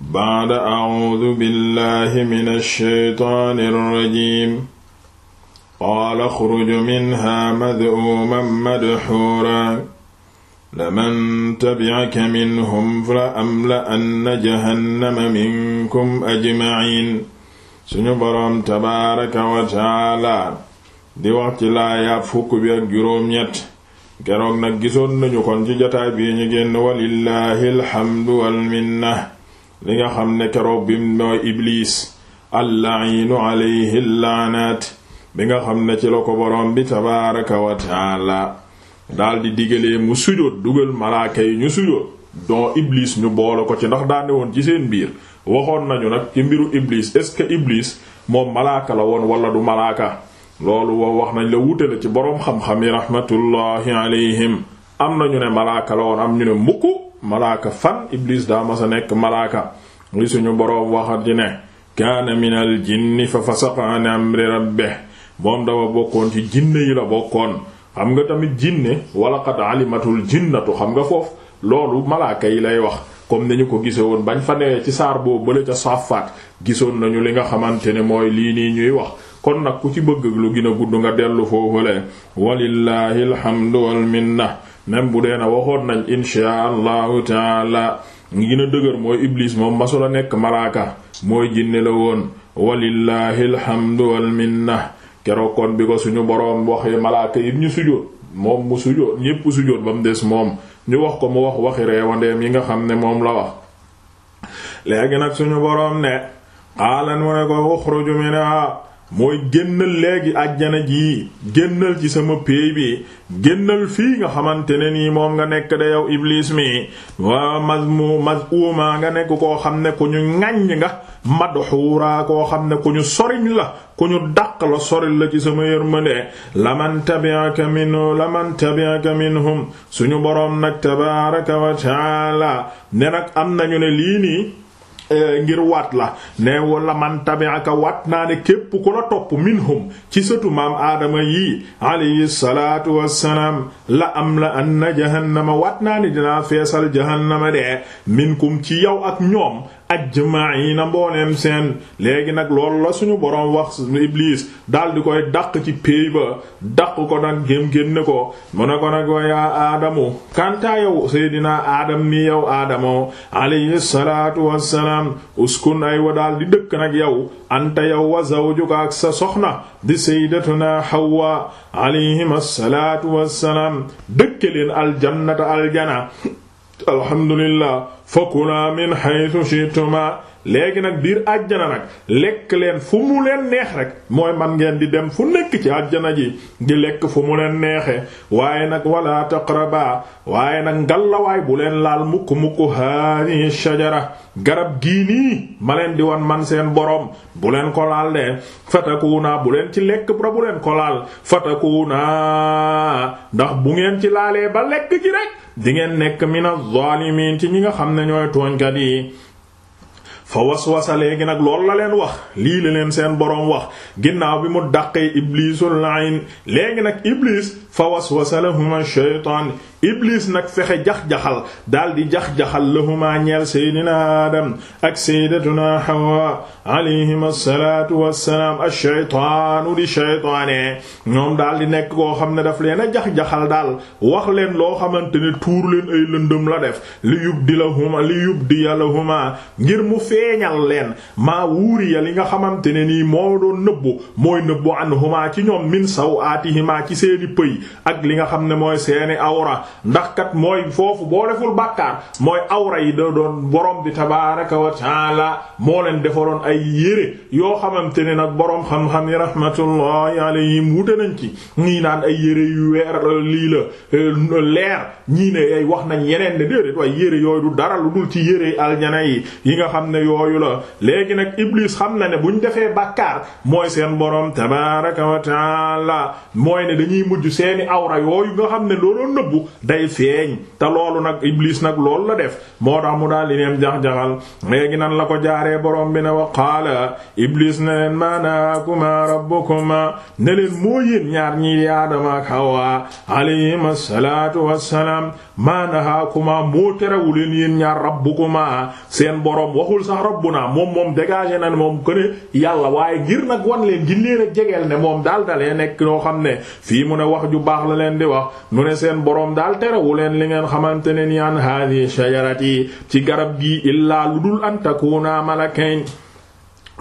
baada acuudu billahi min alsheytaani alrajim qaala xruju minha madhuuman madxuura laman tabicaka minhum la amla'anna jahannama minkum ajmaciin suñu boroom tabaaraka wa taala di wax ci laayaab fukk bi ak juróom-ñett keroog nag gisoon nañu kon ci jataay bii ñu génn walillahi alxamdu walminna li nga xam ne keroog bi mooy ibliis allainu alayhi laanaat bi nga xam ne ci la ko boroom bi tabaaraka wa taala daldi digalee mu sujjóot dugal malaaka yi ñu sujjóot don iblis ñu boole ko ci ndax daane woon ci seen biir waxoon nañu nag ci mbiru iblis est-ce que iblis moom malaaka la woon wala du malaaka loolu woo wax nañ la wuute ci boroom xam-xam yi rahmatullahi alayhim am na ñu ne malaaka la woon am ñu ne mukk malaaka fan iblis daa masa nekk malaaka ngi suñu boroom waxat ci ne kaana minal jinni fa fasaqa an amri rabbih moom dafa bokkoon ci jinne yi la bokkoon xam nga tamit jinne wala qad alimatul jinnatu xam nga foofu loolu malaaka yi lay wax comme ni ñu ko gise woon bañ fa newee ci saar boo bële ca saffaat gisoon nañu li nga xamante ne mooy lii nii ñuy wax kon nag ku ci bëgg lu gën gudd nga dellu foofule walillahi alhamdu wal minna même bu dee na waxoon nañ inshaa allahu taala ngi gën a dëgër mooy iblis moom masula nekk malaaka mooy jinne la woon walillahi alhamdu wal minna keroog kon bi ko suñu boroom waxee malaaka yi ñu sujjóot moom mu sujjóot ñépp sujjóot ba mu des moom ñu wax ko mu wax waxi reewandeem yi nga xam ne moom la wax léegi nag suñu boroom ne xaalan mu ne ko uxruju minha mooy génnal léegi àjjana ji génnal ci sama péey bi génnal fii nga xamante ne nii moom nga nekk da yow iblis mi wa mazmu mazuma nga nekk koo xam ne ku ñu ŋàññ nga madxuuraa koo xam ne ku ñu soriñ la ku ñu dàq la soril la ci sama yërmande laman tabi'aka minhu laman tabi'aka suñu boroom nag tabaaraka wa taala ne nag am nañu ne lii nii Eh, ngir waat la ne wala man tabi'aka waat naa ne képp ku la topp minhum ci sëtu maam aadama yii alayhi salaatu wassalaam la am la anna jahannama waat naa ne dinaa feesal jahannama de minkum ci yow ak ñoom ajmaina mboolem seen léegi nag loolu la suñu boroom wax Iblis daal di koy dàq ci péey ba dàq ko nag gém génne ko mu ne ko nag wa yaa aadamu kantaa yow seydinaa aadam nii yow aadamoo alayhi salaatu wassalaam uskun ay wa daal di yow anta yow wa ak sa soxna di sayyidatuna Hawwa alayhim assalaatu wassalaam dëkk leen aljannata aljana alhamdulillah fakula min haythu shituma léegi nag biir àjjana nag lekk leen fu mu leen neex rek mooy man ngeen di dem fu nekk ci àjjana ji di lekk fu mu leen neexe waaye nag wala taqraba waaye nag ngallawaay bu leen laal mukk mukk haadihi shajara garab gii nii ma leen di wan man seen boroom bu leen ko laal de fatakuuna bu leen ci lekk ba bu leen ko laal fatakuuna ndax bu ngeen ci laalee ba lekk ji rek di ngeen nekk mina zalimin ci ñi nga xam ne ñooy tooñkat yi fa waswasa léegi nag loolu la leen wax lii la leen seen boroom wax ginnaaw bi mu dàqee iblisul layn léegi nag iblis fa waswasa lahuma shaytaan Iblis nag fexe jax-jaxal daal di jax-jaxal lahuma ñeel seydina Adam ak sayyidatuna Hawa alayhim asalatu wassalaam ashaytaanu di shaytaane ñoom daal di nekk koo xam ne daf leen a jax-jaxal daal wax leen loo xamante ne tuur leen ay lëndëm la def li yubdi lahuma li yubdi ngir mu feeñal leen maa wuuri li nga xamante ne nii moo doon nëbbu mooy nëbbu anhuma ci ñoom min saw aatihima ci seeni pëy ak li nga xam ne mooy seeni awra ndax kat mooy foofu boo deful bàkkaar mooy awra yi da doon borom bi tabaaraka wa taala moo leen defaroon ay yére yoo xamante ne nag borom xam-xam yi rahmatullahi alayhim wute nañ ci ñii ay yére yu weer lii la euh, leer ñii ne ay wax nañ yeneen yére yooyu dara lu ci yére aljana yi yi nga xam ne yooyu la léegi nag Iblis xam na ne buñ defee bàkkaar mooy seen borom tabaaraka wa taala mooy ne dañuy mujj seeni awra yooyu nga xam ne looloo nëbbu day feeñ te loolu nag iblis nag loolu la def moo tax mu daal di neem jax-jaxal léegi nan la ko jaaree borom bi ne wa qaala iblis ne leen maanaakuma rabbukuma ne leen moo yéen ñaar ñi di aadama ak hawa alayhim asalaatu wassalaam maanahaakuma moo terewu leen yéen ñaar rabbukuma seen borom waxul sax rabbuna moom moom dégagé na ne moom ko ne waaye ngir nag wan leen gi leen a ne moom daal dalee nekk ñoo xam ne fii mu ne wax ju baax la leen di daal terewu leen li ngeen xamante ne ni an haadihi shajarati ci garab gi illaa lu dul an takuuna malakayn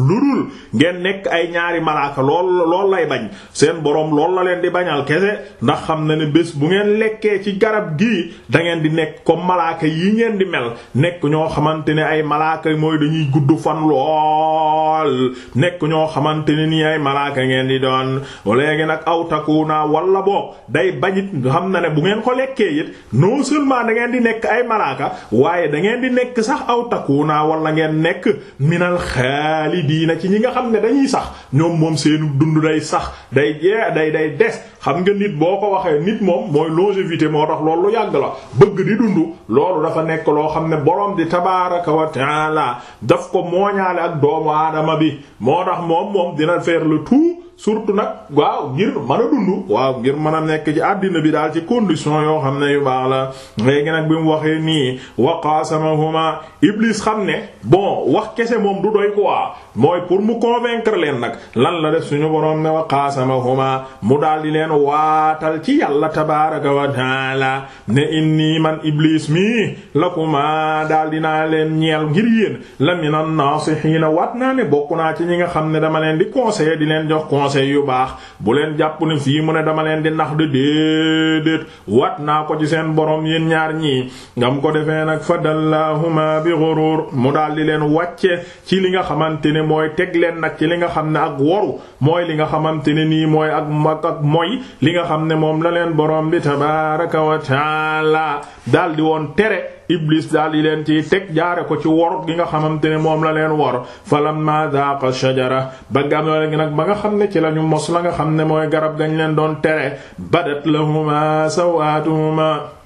lu dul ngeen nekk ay ñaari malaaka lool lool lay bañ seen boroom lool la leen di bañal kese ndax xam na ne bés bu ngeen lekkee ci garab gii dangeen di nekk comme malaaka yi ngeen di mel nekk ñoo xamante ne ay malaaka mooy dañuy gudd fan lool nekk ñoo xamante ne nii ay ngeen di doon léegi nag aw takuna walla boo day bañit xam na ne bu ngeen ko lekkee it non seulement da ngeen di nekk ay malaaka waaye da ngeen di nekk sax aw takuna wala ngeen nekk minal xaali xaalidiina ci ñi nga xam ne dañuy sax ñoom moom seenu dund day sax day jee day day des xam nga nit boo ko waxee nit moom mooy longévité moo tax loolu lu yàgg la bëgg di dund loolu dafa nekk loo xam ne boroom di tabaaraka wa taala daf ko mooñaale ak doomu aadama bi moo tax moom moom dina faire le tout surtout nag waaw ngir mën a dund waaw ngir mën a nekk ci àddina bi daal ci condition yoo xam ne yu baax la léegi nag bi mu waxee nii waqaasamahuma iblis xam ne bon wax kese moom du doy quoi mooy pour mu convaincre leen nag lan la def suñu boroom ne wa qaasamahuma mu daal di leen waatal ci yàlla tabaaraka wa taala ne inni man iblis mi lakuma daal dinaa leen ñeel ngir yéen la mina naasihiina waat naa ne bokk naa ci ñi nga xam ne dama leen di conseiller di leen jox conseil yu baax bu leen jàpp ne fii mu ne dama leen di nax de déedéet waat naa ko ci seen borom yéen ñaar ñii ngam ko defee nag fa dallahuma bi ghurur mu daal leen wàcce ci li ne mooy teg leen nag ci li nga xam ne ak woru mooy li nga xamante ne nii mooy ak mag ak mooy li nga xam ne moom la leen boroom bi tabaaraka wa taala daal di woon tere. iblis daal di leen ci teg jaare ko ci wor gi nga xamante ne moom la leen wor falamma zaqa shajara ba gamla gi nag ba nga xam ne ci la ñu mos la nga xam ne mooy garab gañ leen doon tere badat lahuma sawatuhuma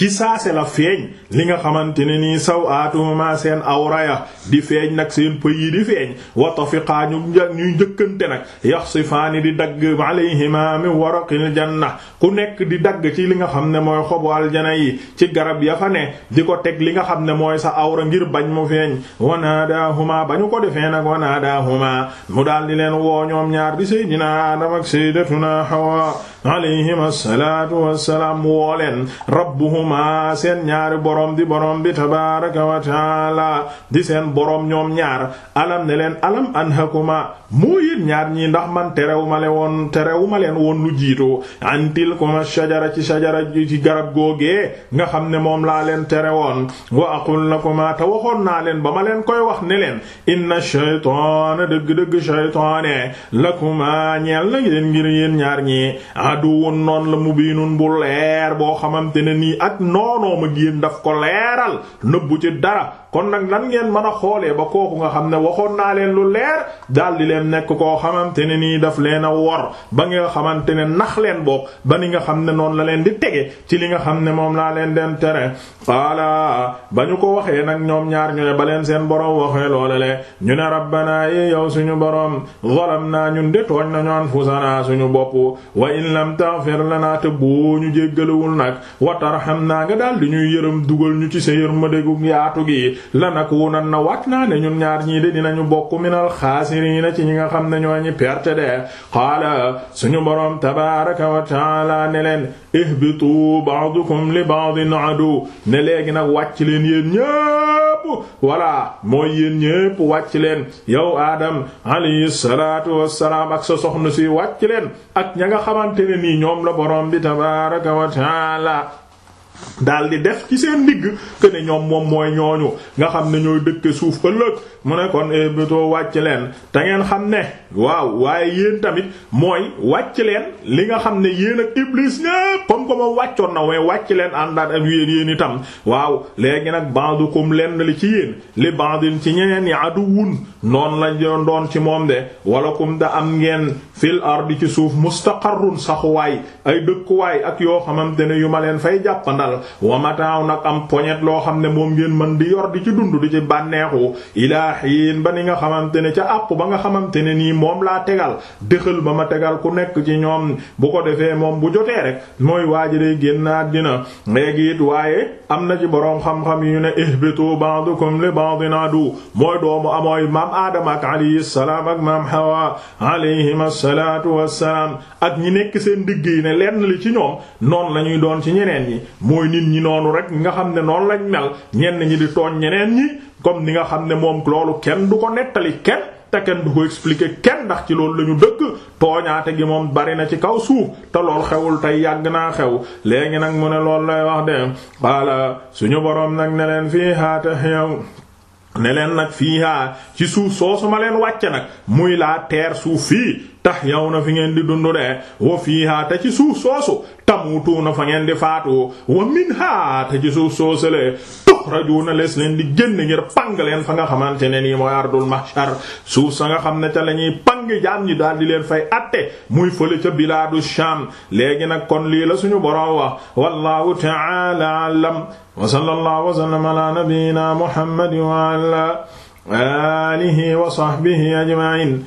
ci saase la feeñ li nga xamante ne nii saw aatuma seen awra ya di feeñ nag seen pëy yi di feeñ wa tafiqaa ñu ñuy njëkkante nag yaxsifaani di dagg alayhima min waraqil ku nekk di dagg ci li nga xam ne mooy xobu aljana yi ci garab ya fa ne di ko teg li nga xam ne mooy sa awra ngir bañ mu feeñ wanaadahuma ba ñu ko defee nag wanaadahuma mu daal di leen woo ñoom ñaar di seydina Adam ak sayyidatuna Hawa alayhim assalaatu wassalaam woo leen rabbuhuma seen ñaari borom di borom bi tabaaraka wa taala di seen borom ñoom ñaar alam ne leen alam anhakuma moo yéen ñaar ñii ndax man terewu ma leen woon terewu leen woon lu jiitoo antil kuma shajara ci shajara ci garab googee nga xam ne moom laa leen tere woon na aqul lakuma te waxoon naa leen ba ma leen koy wax ne leen inna shaytaana dëgg-dëgg shaytaane lakuma ñeel na leen ngir yéen ñaar ñii aduwun noon la mubiinun bu leer boo xamante ne nii ak noonoo ma géen daf ko leeral nëbbu ci dara kon nag lan ngeen mën a xoolee ba kooku nga xam ne waxoon naa leen lu leer daldi ngeen nekk koo xamante ne nii daf leen a wor ba nga xamante ne nax leen boog ba ni nga xam ne noonu la leen di tege ci li nga xam ne moom laa leen den tere qaala ba ñu ko waxee nag ñoom ñaar ñu ba leen seen borom waxee loole le ñu ne rabbanaa yi yow suñu borom zalamnaa ñun de tooñ nañu anfusanaa suñu bopp wa in lam taghfir lanaa te ñu jéggalewul nag wa tarhamnaa nga daal ñuy yërëm dugal ñu ci sa yërmande yaatu gi lanakunan bokk minal xaasiriina ci ñi nga xam ne ñoo ñi perte de qaala suñu boroom tabaaraka wa taala ne leen ihbitu ba'dukum li ba'din adu ne léegi nag wàcc leen yéen ñépp voilà mooy yéen ñépp wàcc leen yow Adam alayhi salaatu salaam ak sa soxna si wàcc leen ak ña nga xamante ne nii ñoom la boroom bi tabaaraka wa taala daal di def ci seen digg que ñoom moom mooy ñooñu nga xam ne ñooy dëkke suuf ëllëg mu ne kon eh, bitoo wàcc leen te ngeen xam ne waaw waaye yéen tamit mooy wàcc leen li nga xam ne yéen ak iblis ñépp comme que moom wàccoon na way wàcc leen àndaat ak yéen yéen itam waaw léegi nag ba'dukum lenn li ci yéen li ba'din ci ñeneen yi aduwun noonu la doon doon ci moom de walakum da am ngeen fil ardi ci suuf mustaqarrun saxuwaay ay dëkkuwaay ak yoo xamante ne yu ma leen fay jàppandal alal wa mataaw nag am poñet loo xam ne moom ngeen mën di yor di ci dund di ci bànneexu ilaa xiin ba ni nga xamante ne ca àpp ba nga xamante ne nii moom laa tegal dëxal ba ma tegal ku nekk ci ñoom bu ko defee moom bu jotee rek mooy waaji day naa àddina léegi it waaye am na ci boroom xam-xam yu ne ihbitu ba'dukum li ba'din adu mooy doomu amooy maam aadama ak alayhi salaam ak maam hawa alayhim wa wassalaam ak ñi nekk seen digg yi ne lenn li ci ñoom mooy nit ñi noonu rek nga xam ne noonu lañ mel ñenn ñi di tooñ ñeneen ñi comme ni nga xam ne moom loolu kenn du ko nettali kenn te kenn du ko expliquer kenn ndax ci loolu la ñu dëkk tooñaate gi moom bari na ci kaw suuf te lool xewul tey yàgg naa xew léegi nag mu ne loolu lay wax de voilà suñu boroom nag ne leen fii haata xew ne nag fii haa ci suuf soo su ma leen wàcce nag muy laa teer suuf fii tahyawna fi ngeen di dundu de wa fiha te ci suuf soosu tamutuuna fa ngeen di faatu wa minha te ci suuf soosale tuxrajuna lees leen di génn ngir pang leen fa nga xamante ne nii mooy ardul mahshar suuf sa nga xam ne ca la ñuy pang jaam ñi daal di leen fay atte muy fële ca biladu sham léegi nag kon lii la suñu boroom wax wallahu ta'ala alam wa sallallahu wa sallama ala nabiyyina muhammadin wa ala alihi wa sahbihi ajma'in